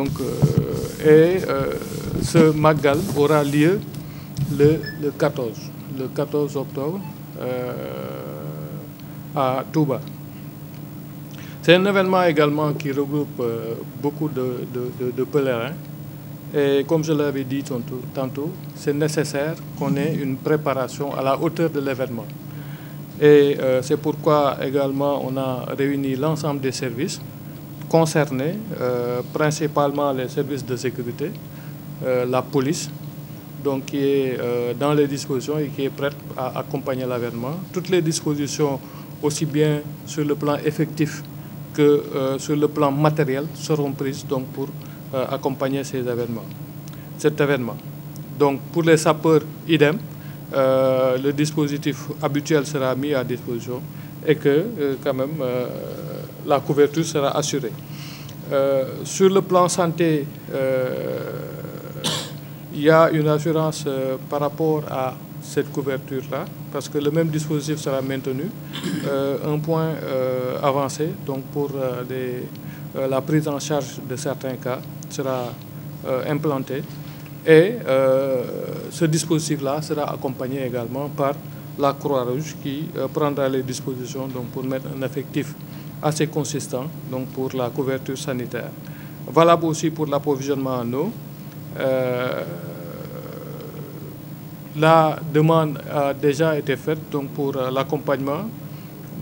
donc euh, et euh, ce Magal aura lieu le le 14 le 14 octobre euh, à Touba. C'est un événement également qui regroupe beaucoup de de de, de pèlerins. Et comme je l'avais dit tantôt, tantôt c'est nécessaire qu'on ait une préparation à la hauteur de l'événement. Et euh, c'est pourquoi également on a réuni l'ensemble des services concerner euh, principalement les service de sécurité, euh, la police, donc euh, dans les dispositions et qui est à accompagner l'avènement. Toutes les dispositions, aussi bien sur le plan effectif que euh, sur le plan matériel, seront prises donc pour euh, accompagner ces événements, cet événement. Donc pour les sapeurs, idem, le dispositif habituel sera mis à disposition et que quand même la couverture sera assurée. Euh, sur le plan santé, euh, il y a une assurance euh, par rapport à cette couverture-là, parce que le même dispositif sera maintenu. Euh, un point avancé, donc pour les, la prise en charge de certains cas, sera implanté. Et euh, ce dispositif-là sera accompagné également par la Croix-Rouge qui euh, prendra les dispositions donc, pour mettre un effectif assez consistant donc pour la couverture sanitaire. Valable aussi pour l'approvisionnement en eau. Euh, la demande a déjà été faite donc pour euh, l'accompagnement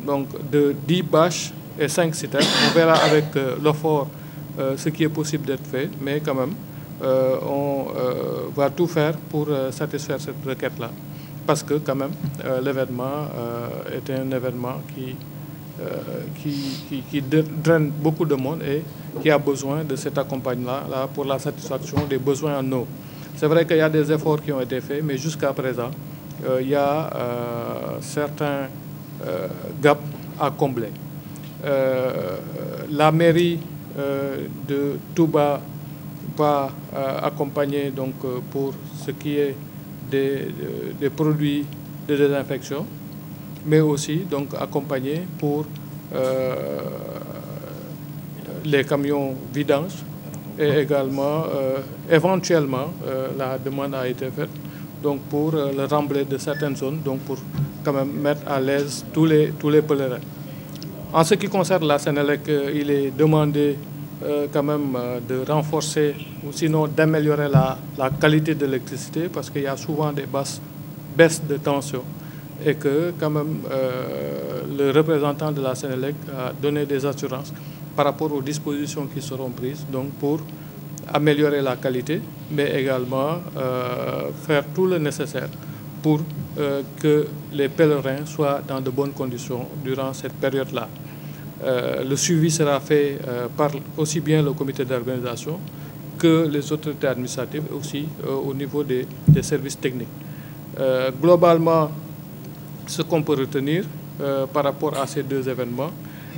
donc de 10 bâches et 5 citernes. On verra avec euh, l'OFOR euh, ce qui est possible d'être fait, mais quand même, euh, on euh, va tout faire pour satisfaire cette requête-là. Parce que quand même, l'événement est un événement qui Euh, qui, qui, qui draine beaucoup de monde et qui a besoin de cet accompagnement-là là, pour la satisfaction des besoins en eau. C'est vrai qu'il y a des efforts qui ont été faits, mais jusqu'à présent, euh, il y a euh, certains euh, gaps à combler. Euh, la mairie euh, de Touba va accompagner donc, pour ce qui est des, des produits de désinfection. mais aussi donc accompagner pour euh, les camions vidanges et également euh, éventuellement euh, la demande a été faite donc pour euh, le remblai de certaines zones donc pour quand même mettre à l'aise tous les tous les pèlerins. En ce qui concerne la Sénélec, il est demandé euh, quand même euh, de renforcer ou sinon d'améliorer la, la qualité de l'électricité parce qu'il y a souvent des basses, baisses de tension. et que quand même euh, le représentant de la Sénélec a donné des assurances par rapport aux dispositions qui seront prises donc pour améliorer la qualité mais également euh, faire tout le nécessaire pour euh, que les pèlerins soient dans de bonnes conditions durant cette période-là. Euh, le suivi sera fait euh, par aussi bien le comité d'organisation que les autorités administratives aussi euh, au niveau des, des services techniques. Globalement ce qu'on peut retenir euh, par rapport à ces deux événements.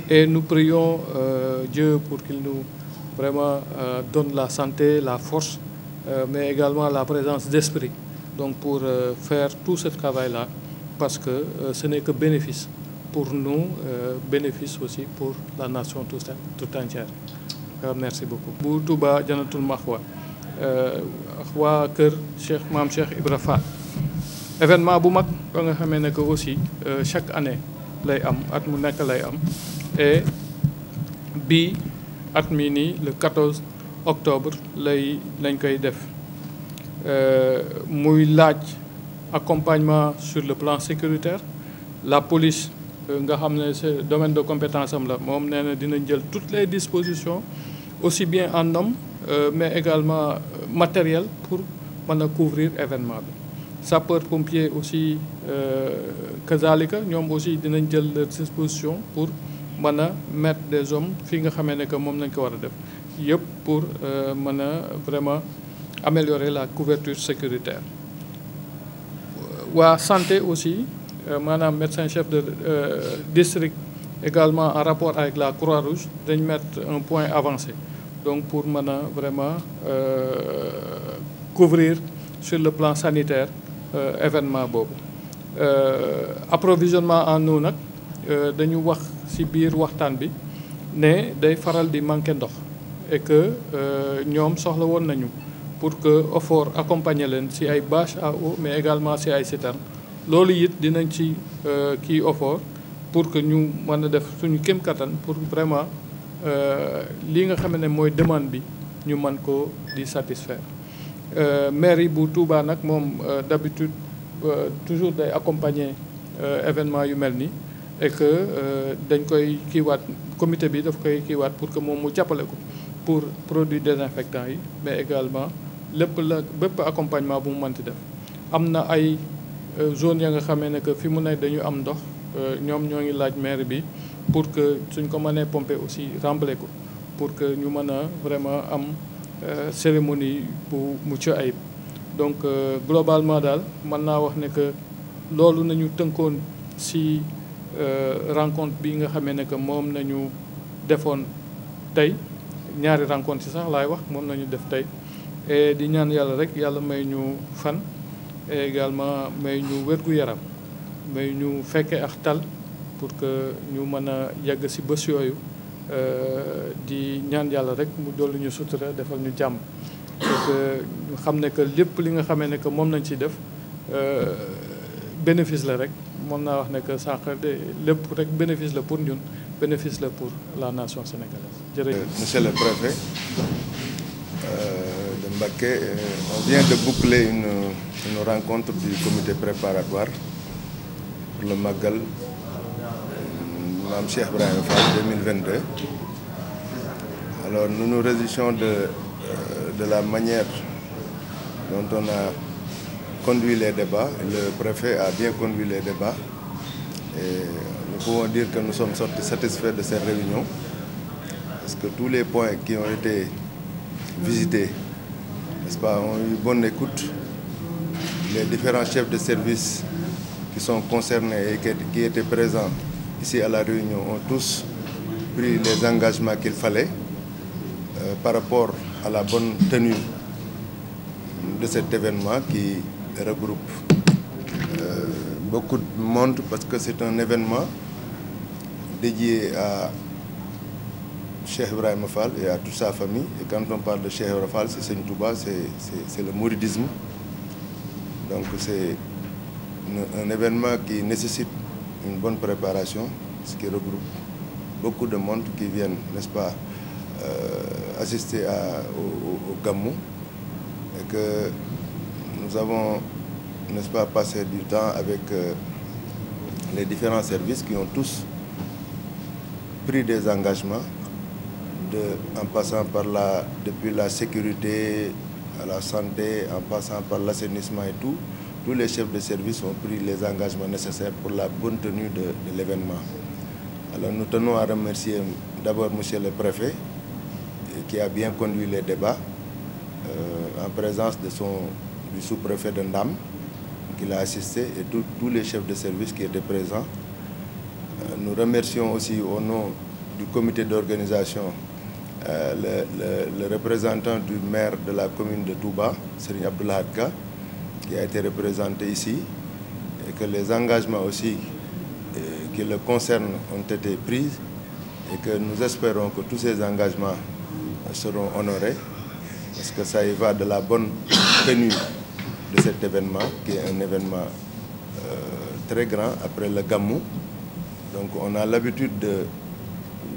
Et nous prions euh, pour qu'il nous vraiment euh, donne la santé, la force, euh, mais également la présence d'esprit. Donc pour euh, faire tout ce travail-là, parce que euh, ce n'est que bénéfice pour nous, bénéfice aussi pour la nation tout, tout entière. merci beaucoup. bu Touba Janatul Mahwa waa kër Cheikh Cheikh Ibra Fall événement bu mag ba nga xamee ne que aussi euh, chaque année lay am at mu nekk lay am et bii at mi nii le 14 octobre lay lañ koy def euh, muy laaj accompagnement sur le plan sécuritaire la police euh, nga xam ne c'est domaine de compétence am la moom nee na dinañ jël toutes les dispositions aussi bien en homme mais également matériel pour mën a couvrir événement bi sapeur pompier aussi kazalika euh, ñoom aussi dinañ jël leur disposition pour mën a mettre des hommes fii nga xame ne que moom nañ ko war a def yëpp pour euh, mën a vraiment améliorer la couverture sécuritaire waa santé aussi euh, maanaam médecin chef de district également en rapport avec la Croix-Rouge dañ mettre un point avancé donc pour mën a vraiment couvrir sur le plan sanitaire Euh, événement boobu euh, approvisionnement en eau nag euh, dañu wax ci biir waxtaan bi ne day faral di manquer ndox et que ñoom soxla woon nañu pour que OFOR accompagner leen ci ay bâche a eau mais également ci ay citerne loolu it dinañ ci kii OFOR pour que ñu mën a def suñu kéem kattan pour vraiment li nga xam ne mooy demande bi ñu mën ko di satisfaire Euh, mairie bu Touba nag moom euh, d'habitude euh, toujours day accompagner événement yu mel ni et que dañ koy kiiwaat comité bi daf koy kiiwaat pour que moom mu jàppale ko pour produits désinfectants yi mais également lépp la bépp accompagnement bu mu mënti def am na ay zone ya nga xamee ne que fi mu ne dañu am ndox ñoom ñoo ngi laaj maire bi pour que suñ ko mënee pomper aussi rembler ko pour que ñu mën a vraiment am Euh, cérémonie bu mucc ayib donc euh, globalement daal mën naa wax ne que loolu nañu tënkoon si euh, rencontre bi nga xamee ne que moom nañu defoon tey ñaari rencontre si sax laay wax moom nañu def tey et di ñaan yàlla rek yàlla may ñu fan et également may ñu wérgu yaram may ñu fekkee ak tal pour que ñu mën a yàgg si bés yooyu Euh, di ñaan yàlla rek mu doolu ñu sutura defal ñu jàmm parce que ñu xam ne que lépp li nga xamee ne que moom nañ ciy def euh, bénéfice la rek moom naa wax ne que sànq lépp rek bénéfice la pour ñun bénéfice la pour la nation sénégalaise jërëjëf. Euh, monsieur le préfet euh, de Mbacké euh, on vient une rencontre du comité préparatoire pour le Magal. Maam Cheikh Ibrahima Fall 2022. Alors nous nous réjouissons de, euh, de la manière dont on a conduit les débats. Le préfet a bien conduit les débats. Et nous pouvons dire que nous sommes satisfaits de cette réunion. Parce que tous les points qui ont été visités, n'est-ce pas, ont eu bonne écoute. Les différents chefs de service qui sont concernés et qui étaient présents ici à La Réunion ont tous pris les engagements qu'il fallait euh, par rapport à la bonne tenue de cet événement qui regroupe euh, beaucoup de monde parce que c'est un événement dédié à Cheikh Ibrahim Fall et à toute sa famille. Et quand on parle de Cheikh Ibrahim Fall, c'est Seigne Touba, c'est le mouridisme. Donc c'est un événement qui nécessite une bonne préparation, ce qui regroupe beaucoup de monde qui viennent, n'est-ce pas, euh, assister à, au, au Gamou. Et que nous avons, n'est-ce pas, passé du temps avec euh, les différents services qui ont tous pris des engagements de, en passant par la, depuis la sécurité à la santé, en passant par l'assainissement et tout. tous les chefs de service ont pris les engagements nécessaires pour la bonne tenue de, de l'événement. Alors nous tenons à remercier d'abord Monsieur le Préfet euh, qui a bien conduit les débats euh, en présence de son, du sous-préfet de Ndam qui l'a assisté et tout, tous les chefs de service qui étaient présents. Euh, nous remercions aussi au nom du comité d'organisation euh, le, le, le, représentant du maire de la commune de Touba, Serigne Abdoulahadka, qui a été représenté ici et que les engagements aussi euh, qui le concernent ont été pris et que nous espérons que tous ces engagements seront honorés parce que ça y va de la bonne tenue de cet événement qui est un événement euh, très grand après le Gamou. Donc on a l'habitude de,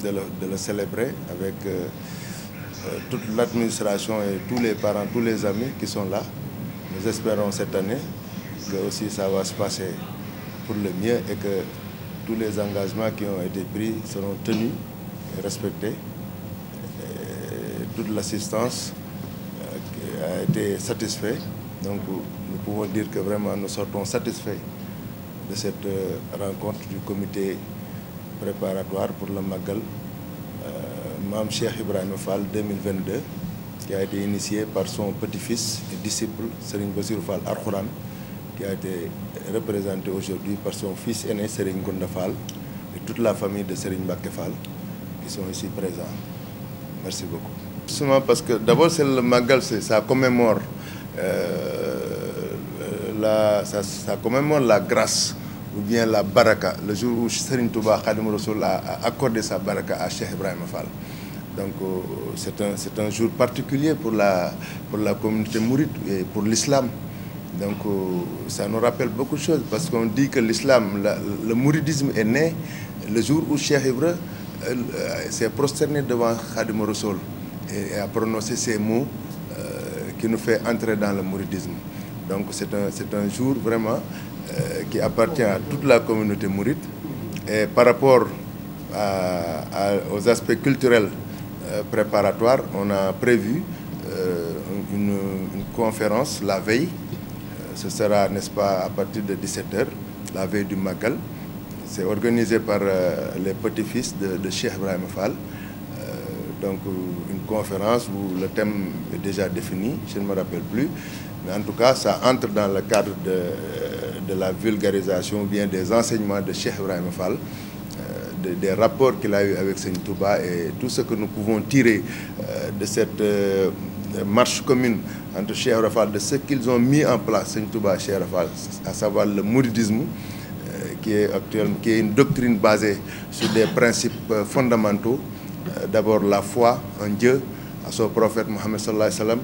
de, de, le célébrer avec euh, euh, toute l'administration et tous les parents, tous les amis qui sont là. Nous espérons cette année que aussi ça va se passer pour le mieux et que tous les engagements qui ont été pris seront tenus et respectés. Et toute l'assistance euh, a été Donc nous pouvons dire que vraiment nous sortons de cette euh, rencontre du comité préparatoire pour le Magal, euh, Mam Cheikh Ibrahim Fall 2022. qui a été initié par son petit-fils et disciple Serigne Bassirou Fall Arkhouran, qui a été représenté aujourd'hui par son fils aîné Serigne Gonda et toute la famille de Serigne Mbacké Fall qui sont ici présents. Merci beaucoup. Justement parce que d'abord c'est le Magal, ça commémore euh, euh la commémore la grâce ou bien la baraka, le jour où Serigne Touba Khadim Rassoul a accordé sa baraka à Cheikh Ibrahima Fall. Donc euh, c'est un, c'est un jour particulier pour la, la communauté mourite et pour l'islam. Donc euh, ça nous rappelle beaucoup de parce qu'on dit que l'islam, le mouridisme est né le jour où Cheikh Ibra euh, s'est prosterné devant Khadim Rasoul et, a prononcé ces mots qui nous fait entrer dans le mouridisme. Donc c'est un, c'est un jour vraiment qui appartient à toute la communauté mourite et par rapport à, à, aux aspects Euh, préparatoire, on a prévu euh, une, une conférence la veille. Euh, ce sera, n'est-ce pas, à partir de 17h, la veille du Magal. C'est organisé par les petits-fils de, de Cheikh Ibrahim Fall. donc, une conférence où le thème est déjà défini, je ne me rappelle plus. Mais en tout cas, ça entre dans le cadre de, de la vulgarisation ou bien des enseignements de Cheikh Ibrahim de, des rapports qu'il a eu avec Seigne Touba et tout ce que nous pouvons tirer euh, de cette euh, marche commune entre Cheikh Rafal, de ce qu'ils ont mis en place, Seigne Touba et Cheikh à savoir le mouridisme, euh, qui est actuellement qui est une doctrine basée sur des principes euh, fondamentaux. Euh, d'abord la foi en Dieu, à son prophète Mohammed sallallahu alayhi wa sallam,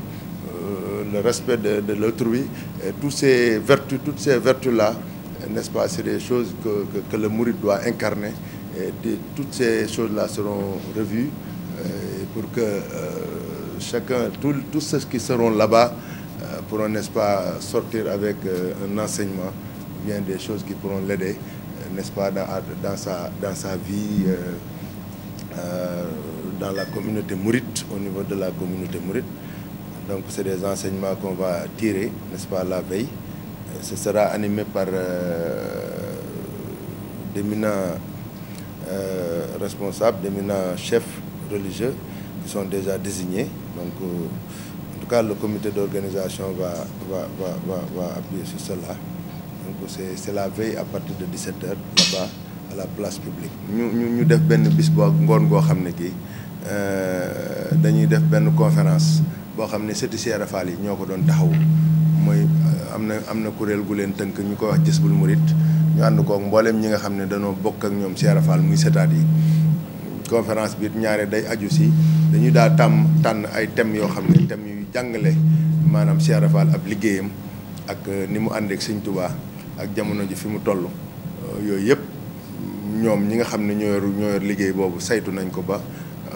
le respect de, de l'autrui, toutes ces vertus, toutes ces vertus-là n'est-ce pas, c'est des choses que, le mouride doit incarner de, toutes ces choses-là seront revues euh, pour que euh, chacun, tout, tous ceux qui seront là-bas euh, pourront, n'est-ce pas, sortir avec un enseignement, bien des choses qui pourront l'aider, n'est-ce pas, dans, dans, sa, dans sa vie, dans la communauté mourite, au niveau de la communauté mourite. Donc c'est des enseignements qu'on va tirer, n'est-ce pas, la veille. Ce sera animé par euh, Euh, responsables, d'éminents chefs religieux qui sont déjà désignés. Donc, euh, en tout cas, le comité d'organisation va, va, va, va, va appuyer sur cela. Donc, c'est la veille à partir de 17h là-bas la place publique. ñu ñu ñu def benn bis boo ngoon goo xam ne kii euh, dañuy def benn conférence boo xam ne sëti Cheikh yi ñoo ko doon taxawu mooy am na am na kuréel gu leen tënk ñu koy wax Jësbul Murit ñu ànd koog mbooleem ñi nga xam ne dañoo bokk ak ñoom Cheikh Fall muy setaat yi conférence bi ñaare day aju si dañu daa tàmm tànn ay thèmes yoo xam ne thèmes yu jàngale maanaam Cheikh Fall ab liggéeyam ak euh, ni mu àndeek siñ Sëñ ak jamono ji fi mu toll euh, yooyu yëpp ñoom ñi nga xam ne ñoo yoru ñoo yor liggéey boobu saytu nañ ko ba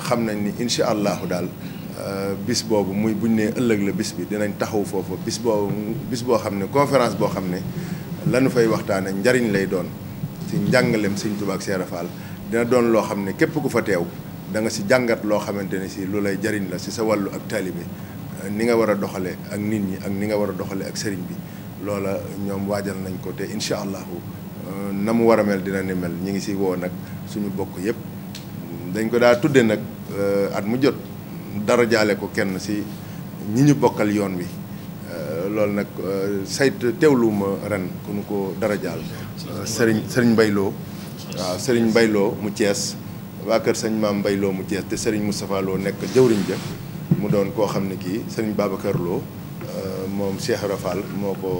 xam nañ ni incha allahu daal euh, bis boobu muy buñ ne ëllëg la bis bi dinañ taxawu foofu bis boobu bis boo xam ne conférence boo xam ne lanu fay waxtaane njariñ lay doon ci njàngaleem sëñ Tuubaa ak Seera Faal dina doon loo xam ne képp ku fa teew da nga si jàngat loo xamante ne si lu lay jariñ la si sa wàllu ak taalibe ni nga war a doxale ak nit ñi ak ni nga war a doxale ak sëriñ bi loola ñoom waajal nañ ko te incha allahu euh, na mu war a mel dina ni mel ñi ngi si wow nag suñu bokk yëpp dañ ko daa tudde nag euh, at mu jot dara jaale ko kenn si ñi ñu bokkal yoon wi loolu nag euh, sayt teewluwuma ren ku nu ko dara jaal euh, sëriñ sëriñ Mbayloo waaw sëriñ Mbayloo mu Thiès waa kër sëñ maam Mbayloo mu Thiès te sëriñ Moustapha Lo nekk jëwriñ ja mu doon koo xam ne kii sëriñ Babacar Lo euh, moom Cheikh Rafal moo ko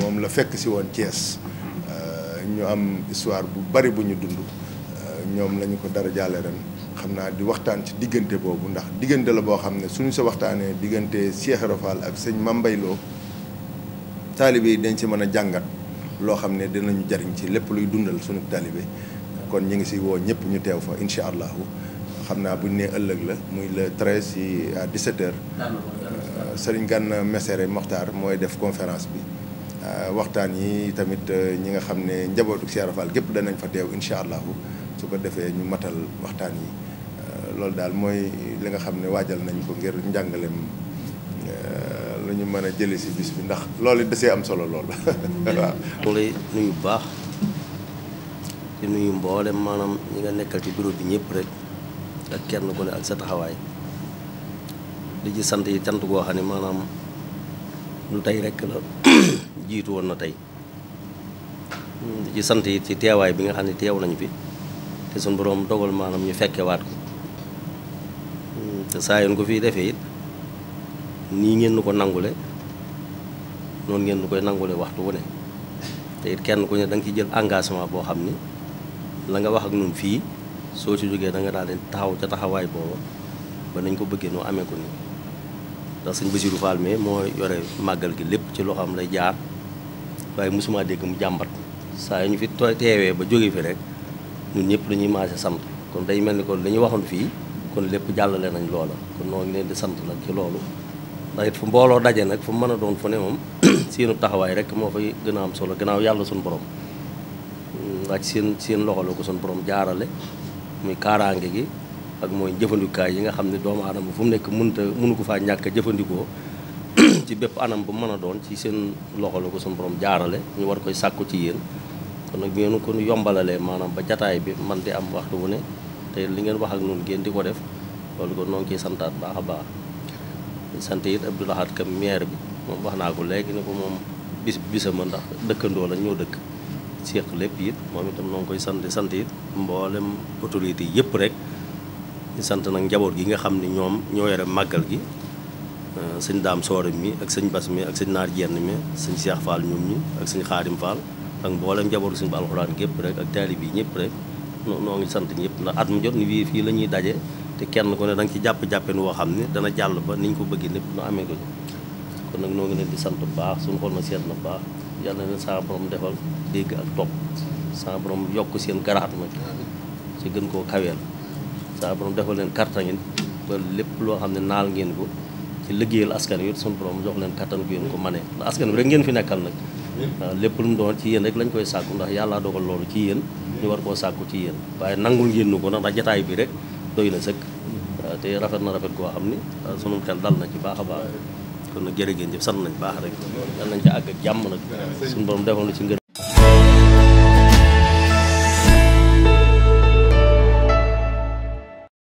moom la fekk si woon Thiès ñu am histoire bu bari bu ñu dund ñoom lañu ko dara jaale ren xam naa di waxtaan ci diggante boobu ndax diggante la boo xam ne suñu sa waxtaanee diggante Cheikh Rafal ak sëñ Mambay Lo taalibe yi dañ ci mën a jàngat loo xam ne dinañu jariñ ci lépp luy dundal sunu taalibe kon ñu ngi si woo ñëpp ñu teew fa incha allahu xam naa buñ ne ëllëg la muy le treize si à 17 heures euh, Serigne Gana Messere Mokhtar mooy def conférence bi euh, waxtaan yi tamit euh, ñi nga xam ne njabootu Cheikh Rafal gépp danañ fa teew incha allahu su ko defee ñu matal waxtaan yi loolu daal mooy li nga xam ne waajal nañ ko ngir njàngaleem la ñu mën a jëlee si bis bi ndax loolu dasee am solo lool waaw. mu lay nuyu bu baax di nuyu mboolem maanaam ñi nga nekkal ci bureau bi ñëpp rek ak kenn ku ne ak sa taxawaay di ci sant yi cant goo xam ne maanaam lu tey rek la jiitu woon na tey di ci sant yi ci teewaay bi nga xam ne teew nañu fi te suñu borom dogal maanaam ñu fekke waat ko hmm, te saa yoon ko fii defee it. nii ngeen nu ko nangule noonu ngeen nu koy nangule waxtu wu ne te kenn ku ne da nga ci jël engagement boo xam ni la nga wax ak ñun fii soo ci jógee da nga daal di taxaw ca taxawaay boobu ba nañ ko bëggee noo amee ko ni ndax sëñ Bassirou Fall mais moo yore màggal gi lépp ci loo xam lay jaar waaye mosuma dégg mu jàmbat saa yu ñu fi teewee ba jóge fi rek ñun ñëpp dañuy maase sant kon day mel ni kon li ñu waxoon fii kon lépp jàllale nañ loola kon leen di sant nag ci loolu ndax fu mbooloo daje nag fu mën a doon fu ne moom seenu taxawaay rek moo fay gën a am solo gannaaw yàlla suñu borom ndax mm, seen seen loxo la ko suñu borom jaarale muy kaaraange gi ak mooy jëfandikaay yi nga xam ne doomu aadama fu mu nekk mënta mënu ko faa ñàkk a jëfandikoo ci bépp anam bu mën a doon ci seen loxo ko suñu borom jaarale ñu war koy sàkku ci yéen kon nag ngeen ko yombalalee maanaam ba jataay bi man di am waxtu wu ne te li ngeen wax ak noonu ngeen di ko def loolu kon noo ngi ciy santaat baax a baax sant it Abdou Lahad Ka maire bi moom wax naa ko léegi ne ko moom bis bisama ndax dëkkandoo la ñoo dëkk seeq lépp it moom itam noo koy sant sant it mboolem autorité yëpp rek sant nag njaboot gi nga xam ni ñoom ñoo yore màggal gi euh, sëñ daam soore mi ak sëñ bas mi ak sëñ naar jenn mi sëñ Cheikh Fall ñoom ñi ak sëñ xaarim Fall ak mboolem njaboot gi sëñ ba alxuraan gépp rek ak taalib yi ñëpp rek noo ngi sant ñëpp ndax at mu jot ni fii fii la ñuy daje te kenn ko ne da ci jàpp-jàppin woo xam ne dana jàll ba niñ ko bëggee lépp nu amee ko kon nag noo ngi leen di sant bu baax suñu xool na seet na baax yàlla na leen saa borom defal dégg ak topp saa borom yokk seen garaat nag ci gën koo kaweel saa borom defal leen karta ngeen lépp loo xam ne naal ngeen ko ci liggéeyal askan wi suñu borom jox leen kattan ko yéen ko manee ndax askan bi rek fi nekkal nag waaw lu mu doon yéen rek lañ koy sàkku ndax yàllaa dogal loolu ci yéen ñu war koo sàkku ci yéen waaye nangul ngeen ko ndax jataay bi rek doy na sëkk te rafet na rafet goo xam ni ah, sunu xel dal nañ ci baax a baax kon nag jërë ngeen jëf sant nañ baax rek dal nañ ci àgg ak jàmm nag su borom defal na ci ngër